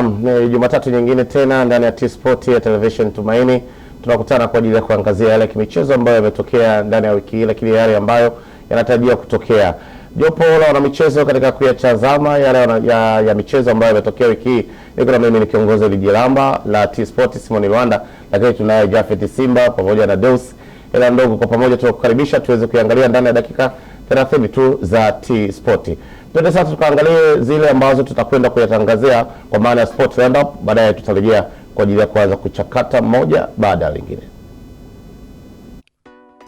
Naam, ni Jumatatu nyingine tena ndani ya T-Sport ya Television Tumaini. Tunakutana kwa ajili ya kuangazia yale kimichezo ambayo yametokea ndani ya wiki hii, lakini yale ambayo yanatarajiwa kutokea. Jopo la wanamichezo katika kuyatazama yale ya, ya, ya michezo ambayo yametokea wiki hii. Niko na mimi ni kiongozi Lijilamba la T-Sport Simon Rwanda, lakini tunaye Jafet Simba pamoja na Deus Ela Ndogo, kwa pamoja tunakukaribisha tuweze kuiangalia ndani ya dakika thelathini tu za T Sport. Twende sasa tukaangalie zile ambazo tutakwenda kuyatangazia kwa maana ya Sport Roundup, baadaye tutarejea kwa ajili ya kuanza kuchakata moja baada ya lingine.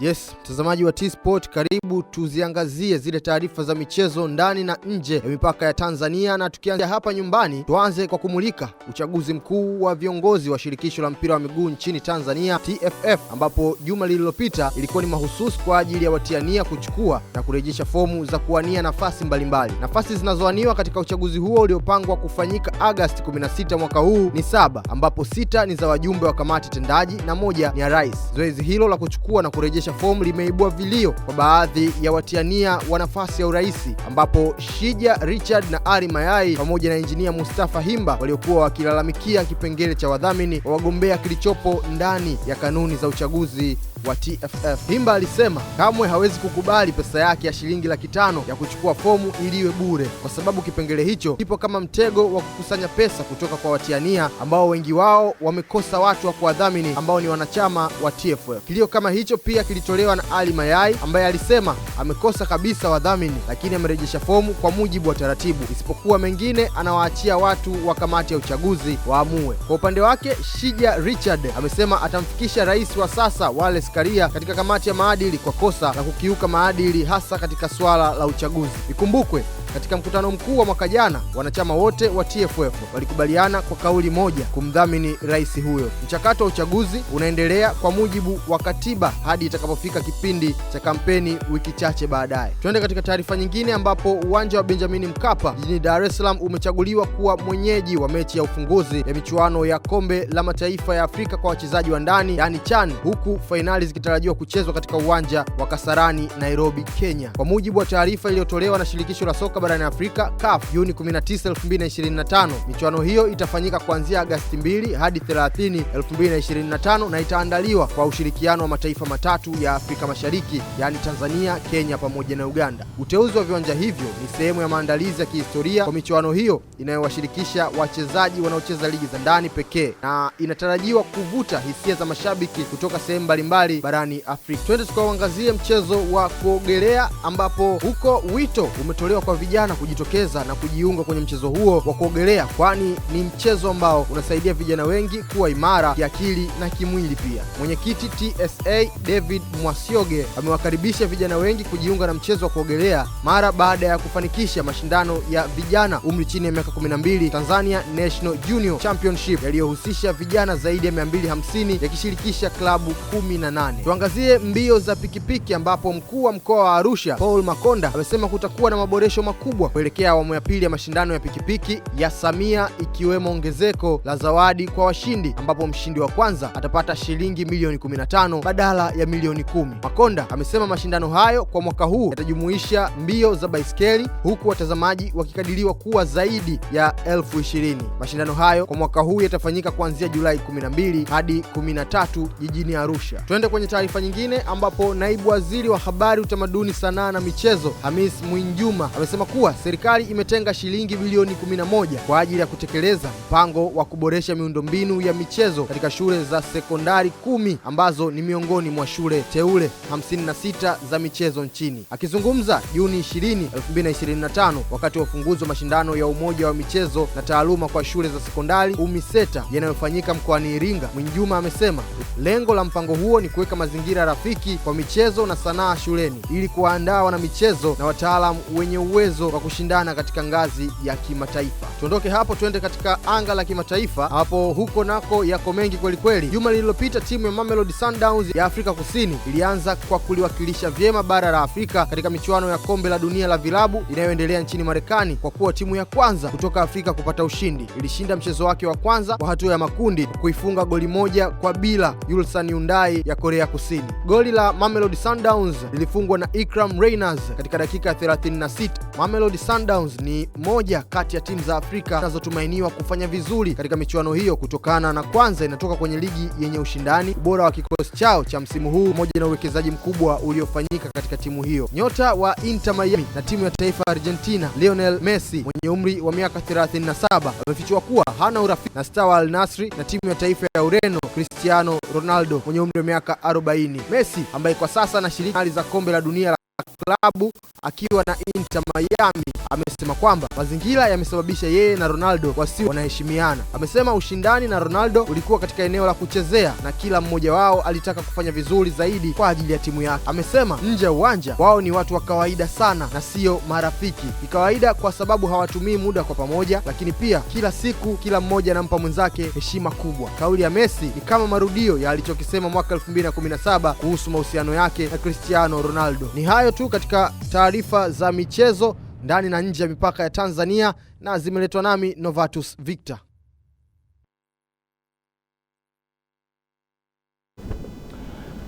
Yes, mtazamaji wa T-Sport, karibu tuziangazie zile taarifa za michezo ndani na nje ya mipaka ya Tanzania, na tukianza hapa nyumbani, tuanze kwa kumulika uchaguzi mkuu wa viongozi wa shirikisho la mpira wa miguu nchini Tanzania TFF, ambapo juma lililopita ilikuwa ni mahususi kwa ajili ya watiania kuchukua na kurejesha fomu za kuwania nafasi mbalimbali. Nafasi zinazoaniwa katika uchaguzi huo uliopangwa kufanyika Agasti 16 mwaka huu ni saba, ambapo sita ni za wajumbe wa kamati tendaji na moja ni ya rais. Zoezi hilo la kuchukua na kurejesha kurejesha fomu limeibua vilio kwa baadhi ya watiania wa nafasi ya urais, ambapo Shija Richard na Ali Mayai pamoja na injinia Mustafa Himba waliokuwa wakilalamikia kipengele cha wadhamini wa wagombea kilichopo ndani ya kanuni za uchaguzi wa TFF. Himba alisema kamwe hawezi kukubali pesa yake ya shilingi laki tano ya kuchukua fomu iliwe bure kwa sababu kipengele hicho kipo kama mtego wa kukusanya pesa kutoka kwa watiania ambao wengi wao wamekosa watu wa kuwadhamini ambao ni wanachama wa TFF. Kilio kama hicho pia kili kilitolewa na Ali Mayai ambaye alisema amekosa kabisa wadhamini, lakini amerejesha fomu kwa mujibu wa taratibu, isipokuwa mengine anawaachia watu wa kamati ya uchaguzi waamue. Kwa upande wake, Shija Richard amesema atamfikisha rais wa sasa Wallace Karia katika kamati ya maadili kwa kosa la kukiuka maadili, hasa katika suala la uchaguzi. Ikumbukwe katika mkutano mkuu wa mwaka jana wanachama wote wa TFF walikubaliana kwa kauli moja kumdhamini rais huyo. Mchakato wa uchaguzi unaendelea kwa mujibu wa katiba hadi itaka itakapofika kipindi cha kampeni wiki chache baadaye. Tuende katika taarifa nyingine, ambapo uwanja wa Benjamin Mkapa jijini Dar es Salaam umechaguliwa kuwa mwenyeji wa mechi ya ufunguzi ya michuano ya kombe la mataifa ya Afrika kwa wachezaji wa ndani, yani CHAN, huku fainali zikitarajiwa kuchezwa katika uwanja wa Kasarani, Nairobi, Kenya. Kwa mujibu wa taarifa iliyotolewa na shirikisho la soka barani Afrika CAF Juni 19, 2025, michuano hiyo itafanyika kuanzia Agosti 2 hadi 30, 2025 na itaandaliwa kwa ushirikiano wa mataifa matatu ya Afrika Mashariki, yaani Tanzania, Kenya pamoja na Uganda. Uteuzi wa viwanja hivyo ni sehemu ya maandalizi ya kihistoria kwa michuano hiyo inayowashirikisha wachezaji wanaocheza ligi za ndani pekee na inatarajiwa kuvuta hisia za mashabiki kutoka sehemu mbalimbali barani Afrika. Twende tukauangazie mchezo wa kuogelea, ambapo huko wito umetolewa kwa vijana kujitokeza na kujiunga kwenye mchezo huo wa kuogelea, kwani ni mchezo ambao unasaidia vijana wengi kuwa imara kiakili na kimwili pia. Mwenyekiti TSA David David Mwasioge amewakaribisha vijana wengi kujiunga na mchezo wa kuogelea mara baada ya kufanikisha mashindano ya vijana umri chini ya miaka 12 Tanzania National Junior Championship yaliyohusisha vijana zaidi ya 250 yakishirikisha klabu 18. Tuangazie mbio za pikipiki ambapo mkuu wa mkoa wa Arusha Paul Makonda amesema kutakuwa na maboresho makubwa kuelekea awamu ya pili ya mashindano ya pikipiki ya Samia ikiwemo ongezeko la zawadi kwa washindi ambapo mshindi wa kwanza atapata shilingi milioni 15 badala ya milioni milioni kumi. Makonda amesema mashindano hayo kwa mwaka huu yatajumuisha mbio za baiskeli huku watazamaji wakikadiriwa kuwa zaidi ya elfu ishirini. Mashindano hayo kwa mwaka huu yatafanyika kuanzia Julai 12 hadi 13 jijini Arusha. Tuende kwenye taarifa nyingine ambapo naibu waziri wa habari, utamaduni, sanaa na michezo Hamis Mwinjuma amesema kuwa serikali imetenga shilingi bilioni 11 kwa ajili ya kutekeleza mpango wa kuboresha miundombinu ya michezo katika shule za sekondari kumi ambazo ni miongoni mwa shule shule teule 56 za michezo nchini. Akizungumza Juni 20, 2025 wakati wa ufunguzi wa mashindano ya Umoja wa Michezo na Taaluma kwa Shule za Sekondari UMISETA yanayofanyika mkoani Iringa, Mwinjuma amesema lengo la mpango huo ni kuweka mazingira rafiki kwa michezo na sanaa shuleni ili kuwaandaa wanamichezo na wataalamu wenye uwezo wa kushindana katika ngazi ya kimataifa. Tuondoke hapo tuende katika anga la kimataifa, ambapo huko nako yako mengi kwelikweli. Juma lililopita timu ya Mamelodi Sundowns ya Afrika Kusini 2020 ilianza kwa kuliwakilisha vyema bara la Afrika katika michuano ya kombe la dunia la vilabu inayoendelea nchini Marekani kwa kuwa timu ya kwanza kutoka Afrika kupata ushindi. Ilishinda mchezo wake wa kwanza kwa hatua ya makundi kuifunga goli moja kwa bila Ulsan Hyundai ya Korea Kusini. Goli la Mamelodi Sundowns lilifungwa na Ikram Reyners katika dakika ya 36. Mamelodi Sundowns ni moja kati ya timu za Afrika zinazotumainiwa kufanya vizuri katika michuano hiyo kutokana na kwanza inatoka kwenye ligi yenye ushindani, ubora wa kikosi chao cha msimu huu pamoja na uwekezaji mkubwa uliofanyika katika timu hiyo. Nyota wa Inter Miami na timu ya taifa ya Argentina Lionel Messi mwenye umri wa miaka 37 amefichua kuwa hana urafiki na star wa Al Nassr na timu ya taifa ya Ureno Cristiano Ronaldo mwenye umri wa miaka 40. Messi ambaye kwa sasa anashiriki hali za kombe la dunia klabu akiwa na Inter Miami amesema kwamba mazingira yamesababisha yeye na Ronaldo wasi wanaheshimiana. Amesema ushindani na Ronaldo ulikuwa katika eneo la kuchezea na kila mmoja wao alitaka kufanya vizuri zaidi kwa ajili ya timu yake. Amesema nje ya uwanja wao ni watu wa kawaida sana na sio marafiki. Ni kawaida kwa sababu hawatumii muda kwa pamoja, lakini pia kila siku kila mmoja anampa mwenzake heshima kubwa. Kauli ya Messi ni kama marudio ya alichokisema mwaka 2017 kuhusu mahusiano yake na Cristiano Ronaldo. Ni hayo hayo tu katika taarifa za michezo ndani na nje ya mipaka ya Tanzania na zimeletwa nami Novatus Victor.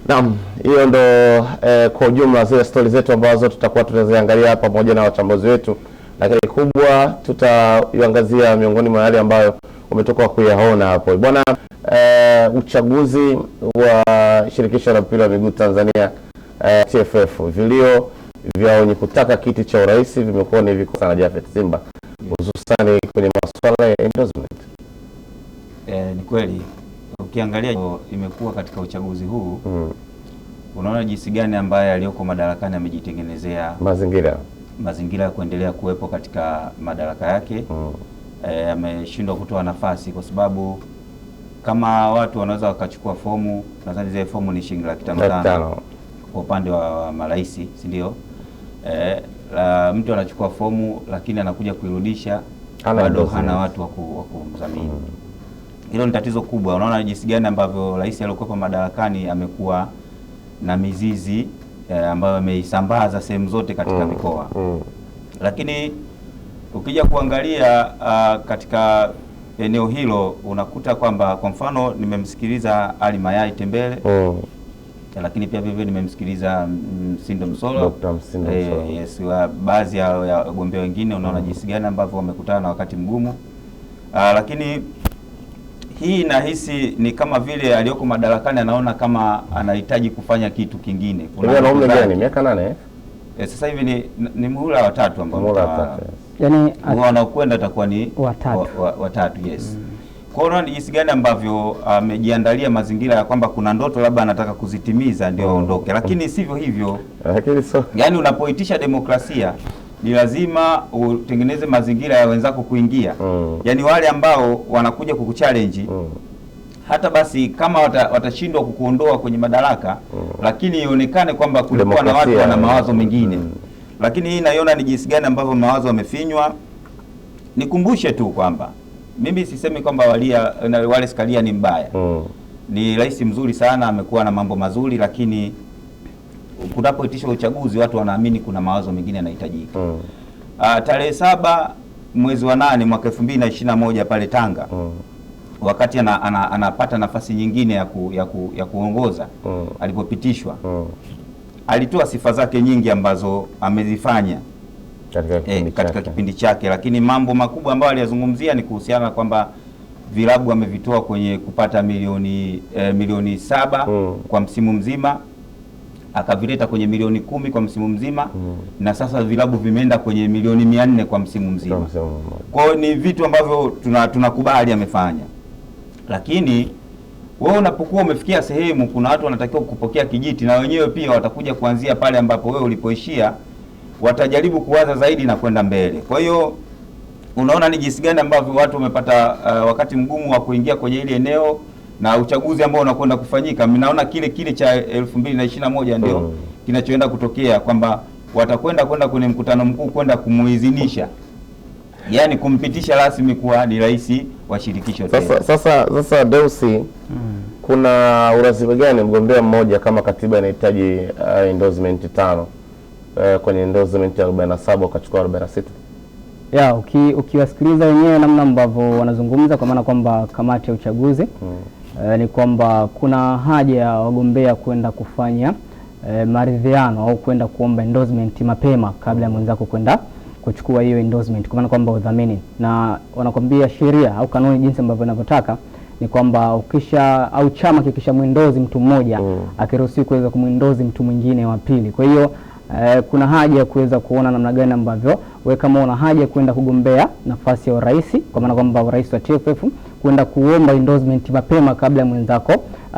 Naam, hiyo ndo eh, kwa ujumla zile stori zetu ambazo tutakuwa tunaziangalia pamoja na wachambuzi wetu, lakini kubwa tutaiangazia miongoni mwa yale ambayo umetoka kuyaona hapo bwana. Eh, uchaguzi wa shirikisho la mpira wa miguu Tanzania eh, TFF. Vilio vya wenye kutaka kiti cha urais vimekuwa ni viko sana Jafet Simba, hususani kwenye masuala ya endorsement. Eh, ni kweli ukiangalia oh, imekuwa katika uchaguzi huu mm. Unaona jinsi gani ambaye aliyoko madarakani amejitengenezea mazingira mazingira ya kuendelea kuwepo katika madaraka yake mm. E, ameshindwa kutoa nafasi kwa sababu kama watu wanaweza wakachukua fomu, nadhani zile fomu ni shilingi laki tano kwa upande wa marais, si ndio? Eh, la, mtu anachukua fomu lakini anakuja kuirudisha bado hana watu wa kumdhamini. Mm. Hilo ni tatizo kubwa. Unaona jinsi gani ambavyo rais aliyokuwa madarakani amekuwa na mizizi eh, ambayo ameisambaza sehemu zote katika mm. mikoa mm. Lakini ukija kuangalia uh, katika eneo hilo unakuta kwamba kwa mfano nimemsikiliza Ali Mayai Tembele mm. Eh, lakini pia vivyo nimemsikiliza mm, Msindo Msolo Eh, yes, wa baadhi ya wagombea wengine, unaona mm. jinsi gani ambavyo wamekutana na wakati mgumu. Aa, ah, lakini hii nahisi ni kama vile aliyoko madarakani anaona kama anahitaji kufanya kitu kingine. Kuna umri gani? Miaka nane e, sasa hivi ni, ni muhula watatu ambao yani, wanaokwenda atakuwa ni watatu, wa, wa, watatu yes mm unaona ni jinsi gani ambavyo uh, amejiandalia uh, mazingira ya kwamba kuna ndoto labda anataka kuzitimiza ndio aondoke, lakini sivyo hivyo. Lakini so, yani unapoitisha demokrasia ni lazima utengeneze mazingira ya wenzako kuingia mm. Yani wale ambao wanakuja kukuchallenge mm. hata basi kama watashindwa wata kukuondoa kwenye madaraka mm. lakini ionekane kwamba kulikuwa na watu wana mawazo mengine mm. Lakini hii naiona ni jinsi gani ambavyo mawazo yamefinywa. Nikumbushe tu kwamba mimi sisemi kwamba Walia Wallace Karia ni mbaya mm. Ni rais mzuri sana, amekuwa na mambo mazuri, lakini kunapoitishwa uchaguzi watu wanaamini kuna mawazo mengine yanahitajika mm. Ah, tarehe saba mwezi wa nane mwaka elfu mbili na ishirini na moja pale Tanga mm. wakati anapata ana, ana, nafasi nyingine ya, ku, ya, ku, ya kuongoza mm. alipopitishwa mm. alitoa sifa zake nyingi ambazo amezifanya katika eh, kipindi, eh, katika kipindi chake, lakini mambo makubwa ambayo aliyazungumzia ni kuhusiana kwamba vilabu amevitoa kwenye kupata milioni eh, milioni saba mm. kwa msimu mzima akavileta kwenye milioni kumi kwa msimu mzima mm. na sasa vilabu vimeenda kwenye milioni mia nne kwa msimu mzima. Kwa ni vitu ambavyo tunakubali tuna amefanya, lakini wewe unapokuwa umefikia sehemu, kuna watu wanatakiwa kupokea kijiti, na wenyewe pia watakuja kuanzia pale ambapo wewe ulipoishia watajaribu kuwaza zaidi na kwenda mbele. Kwa hiyo unaona ni jinsi gani ambavyo watu wamepata uh, wakati mgumu wa kuingia kwenye ile eneo na uchaguzi ambao unakwenda kufanyika. mnaona kile kile cha elfu mbili na ndio mm. kinachoenda kutokea kwamba watakwenda kwenda kwenye mkutano mkuu kwenda kumuidhinisha yaani kumpitisha rasmi kuwa ni rais wa shirikisho. Sasa sasa sasa Deusi, mm. kuna urasimu gani mgombea mmoja kama katiba inahitaji uh, endorsement tano? uh, kwenye endorsement ya 47 ukachukua 46? Ya, uki, ukiwasikiliza wenyewe namna ambavyo wanazungumza kwa maana kwamba kamati ya uchaguzi mm. E, ni kwamba kuna haja ya wagombea kwenda kufanya e, maridhiano au kwenda kuomba endorsement mapema kabla ya hmm. mwenzako kwenda kuchukua hiyo endorsement, kwa maana kwamba udhamini, na wanakwambia sheria au kanuni jinsi ambavyo inavyotaka ni kwamba ukisha au chama mwindozi mtu mmoja mm. akiruhusiwi kuweza kumwindozi mtu mwingine wa pili. Kwa hiyo eh, kuna haja ya kuweza kuona namna gani ambavyo we kama una haja kwenda kugombea nafasi ya urais, kwa maana kwamba urais wa TFF kwenda kuomba endorsement mapema kabla ya mwenzako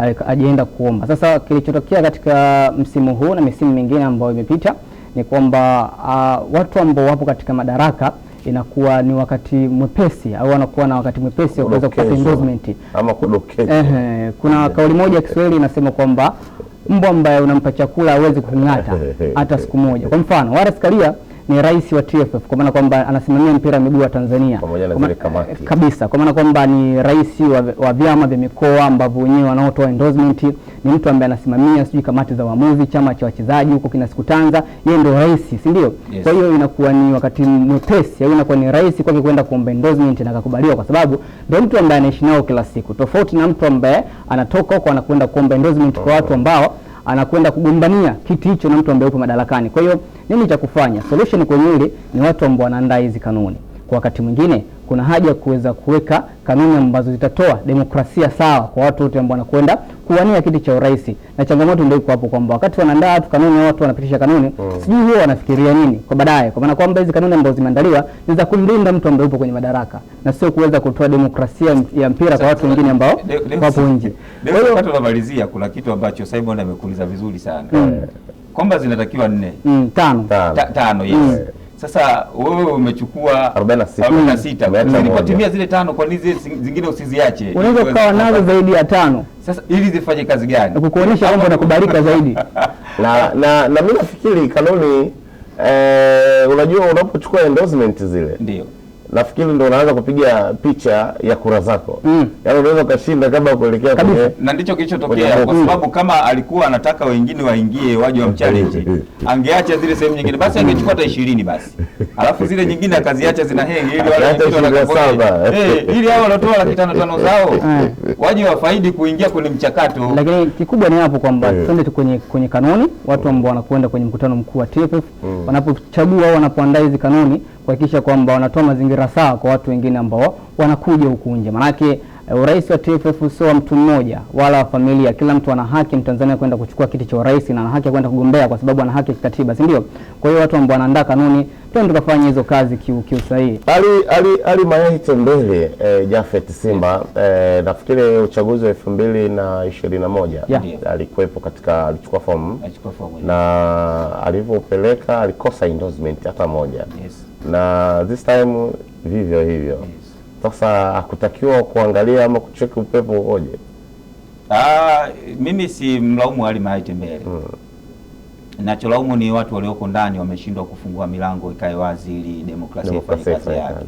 eh, ajaenda kuomba. Sasa kilichotokea katika msimu huu na misimu mingine ambayo imepita ni kwamba uh, watu ambao wapo katika madaraka inakuwa ni wakati mwepesi au wanakuwa na wakati mwepesi wa kuweza kupata endorsement ama kudokeza. Eh, kuna kauli moja ya Kiswahili inasema kwamba mbwa ambaye unampa chakula hawezi kung'ata hata siku moja. Kwa mfano, Wallace Karia ni rais wa TFF kwa maana kwamba anasimamia mpira wa miguu wa Tanzania kabisa, kwa maana kwamba ni rais wa, wa vyama vya mikoa ambavyo wenyewe wanaotoa endorsement, ni mtu ambaye anasimamia sijui kamati za waamuzi, chama cha wachezaji huko kina Sikutanga, yeye ndio rais, si ndio? Yes. Kwa hiyo inakuwa ni wakati mwepesi au inakuwa ni rahisi kwake kwenda kuomba endorsement na akakubaliwa, kwa sababu ndio mtu ambaye anaishi nao kila siku, tofauti na mtu ambaye anatoka huko anakwenda kuomba endorsement kwa watu ambao anakwenda kugombania kiti hicho na mtu ambaye yupo madarakani. Kwa hiyo nini cha kufanya? Solution kwenye ile ni watu ambao wanaandaa hizi kanuni kwa wakati mwingine kuna haja ya kuweza kuweka kanuni ambazo zitatoa demokrasia sawa kwa watu wote ambao wanakwenda kuwania kiti cha urais. Na changamoto ndio iko hapo kwamba wakati wanaandaa tu kanuni au watu wanapitisha kanuni mm, sijui huwa wanafikiria nini kwa baadaye, kwa maana kwamba hizi kanuni ambazo zimeandaliwa ni za kumlinda mtu ambaye upo kwenye madaraka na sio kuweza kutoa demokrasia ya mpira kwa watu wengine ambao wapo nje. Kwa hiyo wakati tunamalizia, kuna kitu ambacho Simon amekuuliza vizuri sana mm, kwamba zinatakiwa nne, mm, tano, tano, tano yes. mm. Sasa wewe umechukua 46 ulipotimia zile tano, kwa nini zingine usiziache? Unaweza ukawa nazo zaidi ya tano. Sasa ili zifanye kazi gani? Kukuonyesha na kubarika zaidi na na, na mimi nafikiri kanuni eh, unajua unapochukua endorsement zile ndio nafikiri ndo unaanza kupiga picha ya kura zako mm. Yaani unaweza ukashinda kabla kuelekea kwenye, na ndicho kilichotokea, kwa sababu kama alikuwa anataka wengine waingie waje wamchallenge mm. Mm. Mm. angeacha zile sehemu nyingine, basi angechukua hata ishirini basi, alafu zile nyingine akaziacha zina hengi, ili wale eh, ili hao walotoa laki tano tano zao eh. waje wafaidi kuingia kwenye mchakato. Lakini kikubwa ni hapo kwamba eh. twende kwenye kwenye kanuni, watu ambao wanakwenda kwenye mkutano mkuu wa TFF wanapochagua au wanapoandaa hizi kanuni kuhakikisha kwamba wanatoa mazingira sawa kwa watu wengine ambao wanakuja huku nje. Maanake eh, urais wa TFF sio wa mtu mmoja wala wa familia. Kila mtu ana haki Mtanzania kwenda kuchukua kiti cha urais na ana haki ya kwenda kugombea kwa sababu ana haki ya kikatiba, si ndio? Kwa hiyo watu ambao wanaandaa kanuni ndio tukafanya hizo kazi kiusahihi. Kiu ali ali ali Mayai Tembele eh, Jafet Simba eh, nafikiri uchaguzi wa elfu mbili na ishirini na moja yeah. Alikuwepo katika alichukua fomu na alivyopeleka alikosa endorsement hata moja yes na this time vivyo hivyo. Sasa yes. hakutakiwa kuangalia ama kucheki upepo ukoje. Ah, mimi si mlaumu Ali Maite Mbele mm. Nacholaumu ni watu walioko ndani wameshindwa kufungua milango ikae wazi ili demokrasia ifanye kazi yake,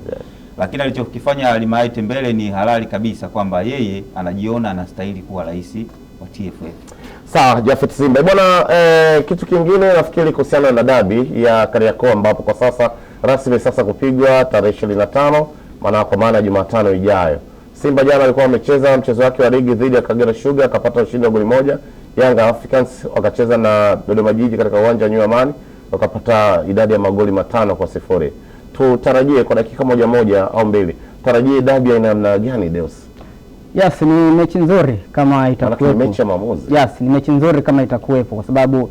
lakini alichokifanya Ali Maite Mbele ni halali kabisa, kwamba yeye anajiona anastahili kuwa rais wa TFF. Sawa Jafet Simba bwana. Eh, kitu kingine nafikiri kuhusiana na dabi ya Kariakoo ambapo kwa sasa rasmi sasa kupigwa tarehe ishirini na tano maana kwa maana Jumatano ijayo. Simba jana alikuwa amecheza mchezo wake wa ligi dhidi ya Kagera Sugar akapata ushindi wa goli moja. Yanga Africans wakacheza na Dodoma Jiji katika uwanja wa New Amani wakapata idadi ya magoli matano kwa sifuri. Tutarajie kwa dakika moja moja au mbili, tarajie dabi ya namna gani Deus? Yes, ni mechi nzuri kama itakuwepo. Mechi ya maamuzi. Yes, ni mechi nzuri kama itakuwepo kwa sababu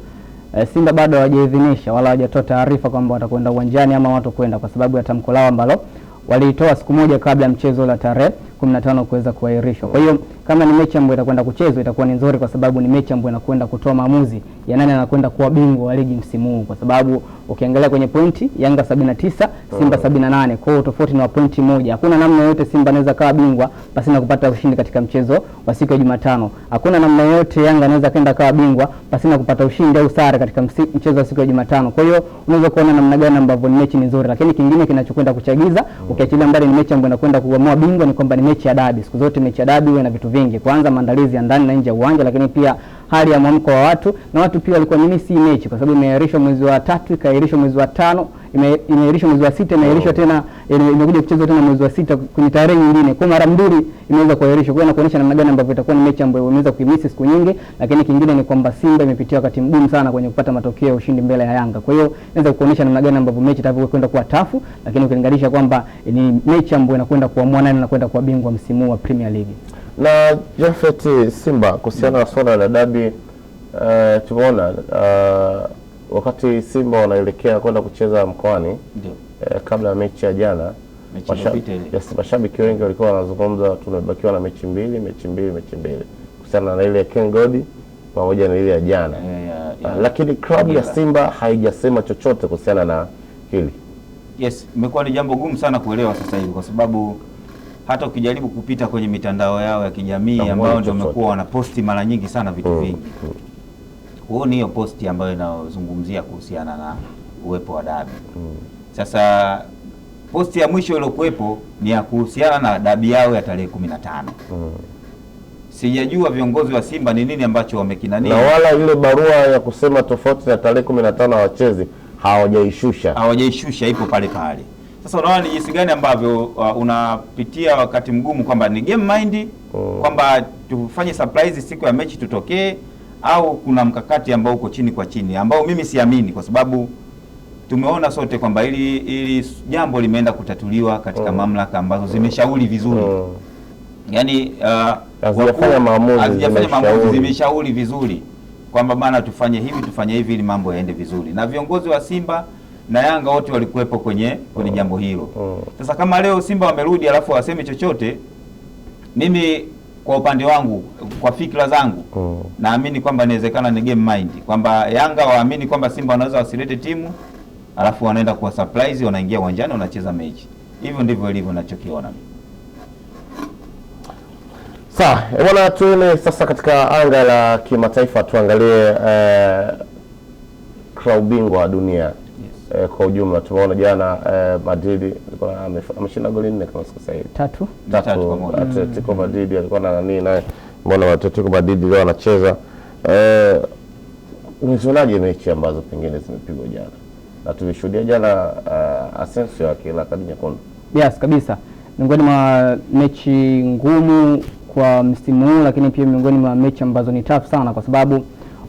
Eh, Simba bado hawajaidhinisha wala hawajatoa taarifa kwamba watakwenda uwanjani ama watu kwenda, kwa sababu ya tamko lao ambalo walitoa siku moja kabla ya mchezo la tarehe 15 kuweza kuahirishwa. Kwa hiyo kama ni mechi ambayo itakwenda kuchezwa itakuwa ni nzuri, kwa sababu ni mechi ambayo inakwenda kutoa maamuzi ya nani anakwenda kuwa bingwa wa ligi msimu huu, kwa sababu ukiangalia kwenye pointi Yanga 79 Simba 78, mm. kwa hiyo tofauti ni wa pointi moja. Hakuna namna yoyote Simba anaweza kawa bingwa pasi na kupata ushindi katika mchezo wa siku ya Jumatano. Hakuna namna yoyote Yanga anaweza kaenda kawa bingwa pasi na kupata ushindi au sare katika mchezo wa siku ya Jumatano. Kwa hiyo unaweza kuona namna gani ambavyo ni mechi nzuri, lakini kingine kinachokwenda kuchagiza mm. ukiachilia mbali ni mechi ambayo inakwenda kuamua bingwa ni kwamba ni mechi ya dabi. Siku zote mechi ya dabi huwa na vitu vingi, kwanza maandalizi ya ndani na nje ya uwanja, lakini pia hali ya mwamko wa watu na watu pia walikuwa mimi, si mechi kwa sababu imeahirishwa mwezi wa tatu, ikaahirishwa mwezi wa tano, imeahirishwa mwezi wa sita, imeahirishwa oh, tena eh, imekuja kuchezwa tena mwezi wa sita kwenye tarehe nyingine, kwa mara mbili imeweza kuahirishwa. Kwa hiyo inaonyesha namna gani ambavyo itakuwa ni mechi ambayo imeweza kuimisi siku nyingi, lakini kingine ni kwamba Simba imepitia wakati mgumu sana kwenye kupata matokeo ya ushindi mbele ya Yanga. Kwa hiyo inaweza kuonyesha namna gani ambavyo mechi kwenda kuwa tafu, lakini ukilinganisha kwamba eh, ni mechi ambayo inakwenda kuamua nani anakwenda kuwa bingwa msimu wa Premier League. Na Japhet Simba, kuhusiana na swala la dabi uh, tumeona uh, wakati Simba wanaelekea kwenda kucheza mkoani uh, kabla ya mechi ya jana mashabiki wengi walikuwa wanazungumza tumebakiwa na mechi mbili mechi mbili mechi mbili kuhusiana na ile ya Ken Godi pamoja na ile ya jana yeah, yeah, yeah. Lakini klabu ya Simba haijasema chochote kuhusiana na hili. Yes, imekuwa ni jambo gumu sana kuelewa sasa hivi kwa sababu hata ukijaribu kupita kwenye mitandao yao ya kijamii ambayo ndio wamekuwa wanaposti mara nyingi sana vitu mm, vingi mm. ni hiyo posti ambayo inazungumzia kuhusiana na uwepo wa dabi mm. Sasa posti ya mwisho iliyokuwepo ni ya kuhusiana na dabi yao ya tarehe kumi na tano mm. Sijajua viongozi wa Simba ni nini ambacho nini, na wala ile barua ya kusema tofauti na tarehe kumi na tano hawachezi hawajaishusha, hawajaishusha ipo pale pale. Sasa unaona ni jinsi gani ambavyo uh, unapitia wakati mgumu kwamba ni game mind mm. kwamba tufanye surprise siku ya mechi tutokee, au kuna mkakati ambao uko chini kwa chini ambao mimi siamini, kwa sababu tumeona sote kwamba ili ili jambo limeenda kutatuliwa katika mm. mamlaka ambazo zimeshauri vizuri mm. yaani uh, hazijafanya uh, maamuzi, zimeshauri vizuri kwamba bana, tufanye hivi tufanye hivi ili mambo yaende vizuri, na viongozi wa Simba na Yanga wote walikuwepo kwenye kwenye oh. jambo hilo. Oh. Sasa kama leo Simba wamerudi alafu waseme chochote, mimi kwa upande wangu, kwa fikra zangu oh. naamini kwamba inawezekana ni game mind, kwamba Yanga waamini kwamba Simba wanaweza wasilete timu alafu wanaenda kwa surprise, wanaingia uwanjani wanacheza mechi. Hivyo ndivyo ilivyo nachokiona. Sawa eh, bwana, tuone sasa katika anga la kimataifa tuangalie eh, klabu bingwa wa dunia yes. Eh, kwa ujumla tumeona jana eh, Madrid alikuwa ameshinda goli nne kama sikosahii, tatu tatu. Atletico mm. Madrid alikuwa na nani naye, mbona Atletico Madrid leo anacheza eh, Unazionaje mechi ambazo pengine zimepigwa jana na tulishuhudia jana uh, Asensio akila kadi nyekundu? Yes, kabisa miongoni mwa mechi ngumu kwa msimu huu, lakini pia miongoni mwa mechi ambazo ni tafu sana, kwa sababu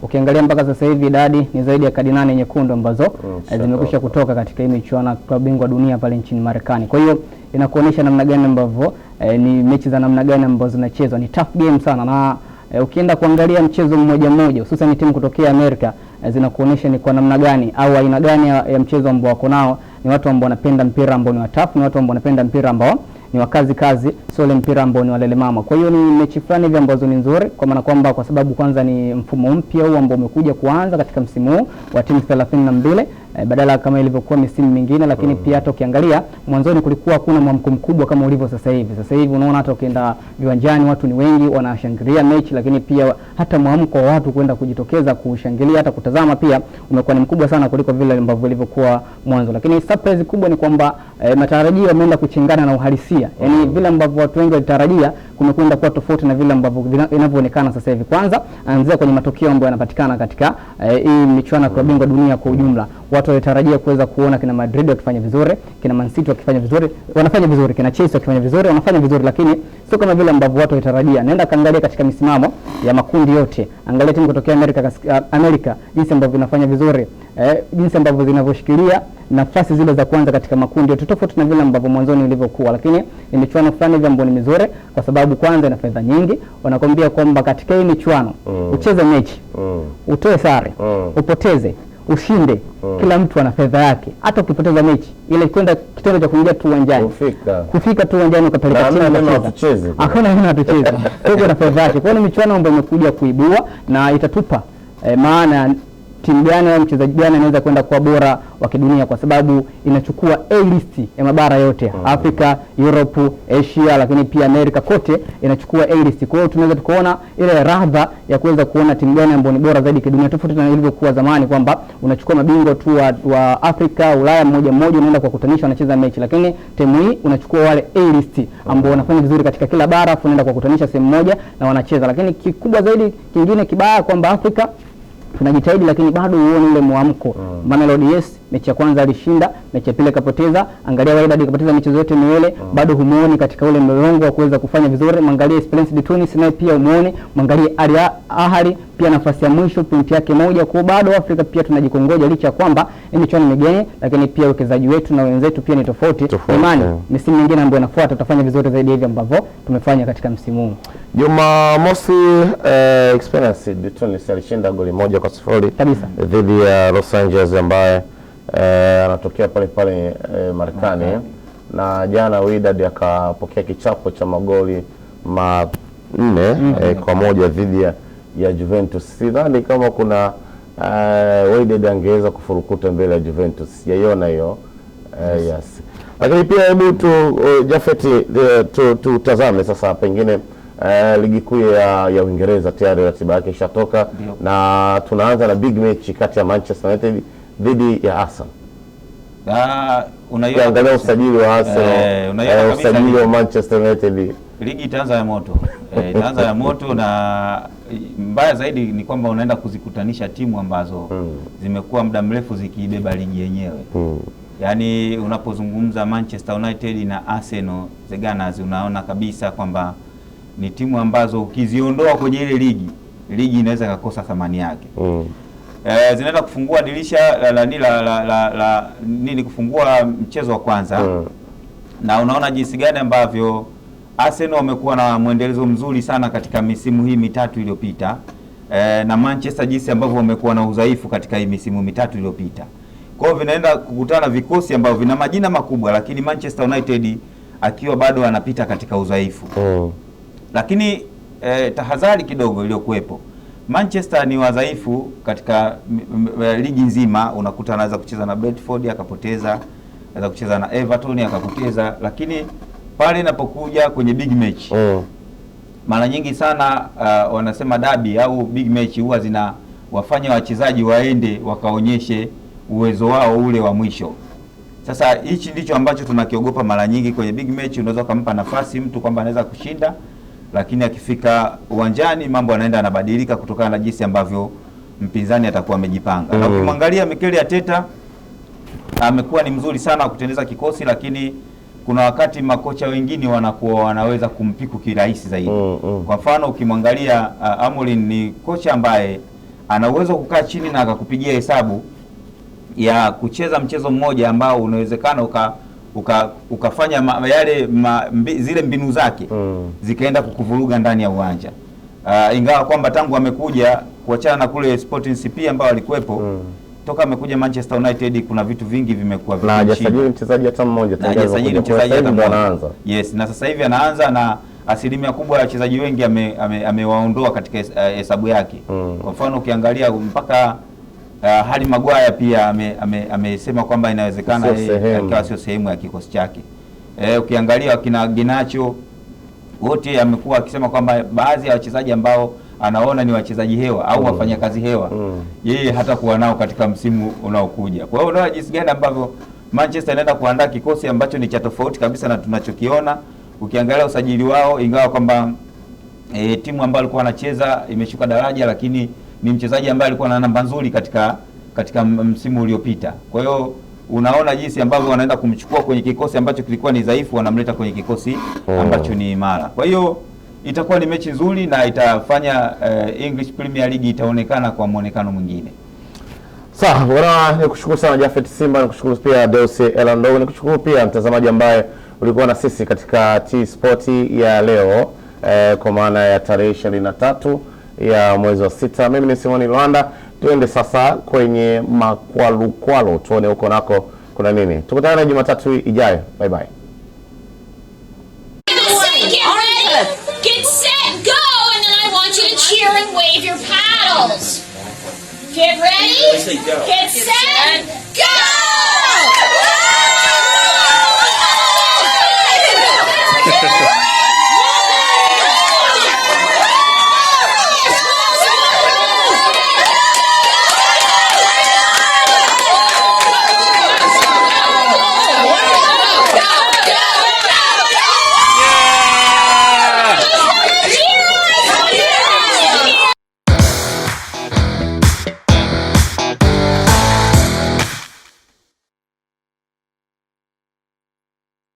ukiangalia mpaka sasa hivi idadi ni zaidi ya kadi nane nyekundu ambazo mm, oh, eh, zimekwisha kutoka katika hii michuano ya bingwa dunia pale nchini Marekani. Kwa hiyo inakuonyesha namna gani ambavyo eh, ni mechi za namna gani ambazo zinachezwa, ni tough game sana na eh, ukienda kuangalia mchezo mmoja mmoja, hususan timu kutokea Amerika eh, zinakuonyesha ni kwa namna gani au aina gani ya, ya mchezo ambao wako nao. Ni watu ambao wanapenda mpira ambao ni watafu, ni watu ambao wanapenda mpira ambao ni wakazi kazi sio ile mpira ambao ni walele mama. Kwa hiyo ni mechi fulani hivi ambazo ni nzuri, kwa maana kwamba kwa sababu kwanza ni mfumo mpya huu ambao umekuja kuanza katika msimu huu wa timu 32 e, badala kama ilivyokuwa misimu mingine, lakini mm. pia hata ukiangalia mwanzoni kulikuwa hakuna mwamko mkubwa kama ulivyo sasa hivi. Sasa hivi unaona hata ukienda viwanjani watu ni wengi wanashangilia mechi, lakini pia hata mwamko wa watu kwenda kujitokeza kushangilia hata kutazama pia umekuwa ni mkubwa sana kuliko vile ambavyo ilivyokuwa mwanzo. Lakini surprise kubwa ni kwamba e, matarajio yameenda kuchingana na uhalisia, yaani mm. vile ambavyo watu wengi walitarajia kumekwenda kuwa tofauti na vile ambavyo inavyoonekana sasa hivi. Kwanza anzia kwenye matokeo ambayo yanapatikana katika eh, hii e, michuano ya klabu bingwa dunia kwa ujumla. Watu walitarajia kuweza kuona kina Madrid wakifanya vizuri, kina Man City wakifanya vizuri, wanafanya vizuri, kina Chelsea wakifanya vizuri, wanafanya vizuri, lakini sio kama vile ambavyo watu walitarajia. Naenda kaangalia katika misimamo ya makundi yote, angalia timu kutoka Amerika, Amerika jinsi ambavyo inafanya vizuri eh, jinsi ambavyo zinavyoshikilia nafasi zile za kwanza katika makundi yote, tofauti na vile ambavyo mwanzoni ilivyokuwa, lakini ni eh, michuano fulani hivi ambayo ni mizuri kwa sababu sababu kwanza ina fedha nyingi. Wanakwambia kwamba katika hii michuano mm. ucheze mechi mm. utoe sare mm. upoteze ushinde mm. Kila mtu ana fedha yake. Hata ukipoteza mechi ile, kwenda kitendo cha kuingia tu uwanjani, kufika kufika tu uwanjani ukapeleka timu na kucheza, hakuna neno hatucheze, huko na fedha yake. Kwa hiyo michuano ambayo imekuja kuibua na itatupa e, maana timu gani au mchezaji gani anaweza kwenda kuwa bora wa kidunia, kwa sababu inachukua A list ya mabara yote mm -hmm. Afrika, Europe, Asia, lakini pia Amerika kote inachukua A list. Kwa hiyo tunaweza tukaona ile radha ya kuweza kuona timu gani ambayo ni bora zaidi kidunia, tofauti na ilivyokuwa zamani kwamba unachukua mabingwa tu wa, wa Afrika, Ulaya mmoja mmoja, unaenda kuwakutanisha, wanacheza mechi, lakini timu hii unachukua wale A list ambao mm. wanafanya vizuri katika kila bara, afu unaenda kuwakutanisha sehemu moja na wanacheza. Lakini kikubwa zaidi kingine kibaya kwamba Afrika tunajitahidi, lakini bado uone ule mwamko, mm. maana mm. Lord Yesu mechi ya kwanza alishinda, mechi ya pili akapoteza. Angalia Wydad ikapoteza michezo yote miwili, mm. bado humuoni katika ule mlolongo wa kuweza kufanya vizuri. Mwangalie Esperance de Tunis naye pia humuoni, mwangalie Al Ahly pia nafasi ya mwisho pointi yake moja. Kwa bado Afrika pia tunajikongoja, licha ya kwamba michuano migeni, lakini pia uwekezaji wetu na wenzetu pia ni tofauti. Imani yeah. misimu mingine ambayo inafuata tutafanya vizuri zaidi hivi ambavyo tumefanya katika msimu huu. Juma Mosi, eh, Esperance de Tunis alishinda goli moja kwa sifuri kabisa dhidi ya Los Angeles ambaye Eh, anatokea pale pale eh, Marekani okay. Na jana Wydad akapokea kichapo cha magoli manne mm -hmm. eh, kwa moja dhidi ya Juventus. Sidhani kama kuna eh, Wydad angeweza kufurukuta mbele ya Juventus, sijaiona hiyo eh, yes. yes. Lakini pia hebu tu uh, uh, tutazame tu sasa pengine Uh, ligi kuu ya, ya Uingereza tayari ratiba yake ishatoka na tunaanza na big match kati ya Manchester United dhidi ya Arsenal. Ah, Ukiangalia usajili wa Arsenal, eh, eh, usajili wa Manchester United, ligi itaanza ya moto e, itaanza ya moto na mbaya zaidi ni kwamba unaenda kuzikutanisha timu ambazo hmm. zimekuwa muda mrefu zikiibeba ligi yenyewe hmm. Yaani, unapozungumza Manchester United na Arsenal the Gunners, unaona kabisa kwamba ni timu ambazo ukiziondoa kwenye ile ligi ligi inaweza ikakosa thamani yake mm eh, zinaenda kufungua dirisha la, la, la, la, la, la nini kufungua mchezo wa kwanza mm. na unaona jinsi gani ambavyo Arsenal wamekuwa na mwendelezo mzuri sana katika misimu hii mitatu iliyopita eh, na Manchester jinsi ambavyo wamekuwa na udhaifu katika hii misimu mitatu iliyopita. Kwa hiyo vinaenda kukutana vikosi ambavyo vina majina makubwa, lakini Manchester United akiwa bado anapita katika udhaifu mm. lakini eh, tahadhari kidogo iliyokuwepo Manchester ni wadhaifu katika ligi nzima, unakuta anaweza kucheza na Brentford akapoteza, anaweza kucheza na Everton akapoteza, lakini pale inapokuja kwenye big match mm. mara nyingi sana uh, wanasema dabi au big match huwa zina wafanya wachezaji waende wakaonyeshe uwezo wao ule wa mwisho. Sasa hichi ndicho ambacho tunakiogopa mara nyingi kwenye big match. Unaweza ukampa nafasi mtu kwamba anaweza kushinda lakini akifika uwanjani mambo yanaenda yanabadilika kutokana na jinsi ambavyo mpinzani atakuwa amejipanga mm. Na ukimwangalia Mikeli Arteta amekuwa ni mzuri sana wa kutengeneza kikosi, lakini kuna wakati makocha wengine wanakuwa wanaweza kumpiku kirahisi zaidi mm, mm. Kwa mfano ukimwangalia uh, Amorim ni kocha ambaye ana uwezo kukaa chini na akakupigia hesabu ya kucheza mchezo mmoja ambao unawezekana uka uka, ukafanya ma, yale ma, mbi, zile mbinu zake mm. zikaenda kukuvuruga ndani ya uwanja uh, ingawa kwamba tangu amekuja kuachana na kule Sporting CP ambao alikuwepo mm. toka amekuja Manchester United kuna vitu vingi vimekuwa vingi, na hajasajili mchezaji hata mmoja, tangu hajasajili mchezaji hata mmoja, yes, na sasa hivi anaanza na asilimia kubwa ya wachezaji wengi amewaondoa ame, ame katika eh, hesabu yake mm. kwa mfano ukiangalia mpaka Uh, eh, magwaya pia amesema ame, ame kwamba inawezekana akawa sio sehemu ya kikosi chake. Eh, ukiangalia wakina Ginacho wote amekuwa akisema kwamba baadhi ya wachezaji ambao anaona ni wachezaji hewa au mm. wafanyakazi hewa mm. yeye hata kuwa nao katika msimu unaokuja. Kwa hiyo unaona jinsi gani ambavyo Manchester inaenda kuandaa kikosi ambacho ni cha tofauti kabisa na tunachokiona. Ukiangalia usajili wao, ingawa kwamba e, timu ambayo alikuwa anacheza imeshuka daraja, lakini ni mchezaji ambaye alikuwa na namba nzuri katika katika msimu uliopita. Kwa hiyo unaona jinsi ambavyo wanaenda kumchukua kwenye kikosi ambacho kilikuwa ni dhaifu, wanamleta kwenye kikosi oh. ambacho ni imara. Kwa hiyo itakuwa ni mechi nzuri na itafanya uh, English Premier League itaonekana kwa mwonekano mwingine. Sawa, bwana nikushukuru sana Jafet Simba, nikushukuru pia Deus Elandogo, nikushukuru pia mtazamaji ambaye ulikuwa na sisi katika T Sport ya leo eh, kwa maana ya tarehe ishirini na tatu ya mwezi wa sita. Mimi ni Simoni Lwanda, tuende sasa kwenye makwalukwalo, tuone huko nako kuna nini. Tukutane Jumatatu ijayo, bye bye. Get ready. Get set.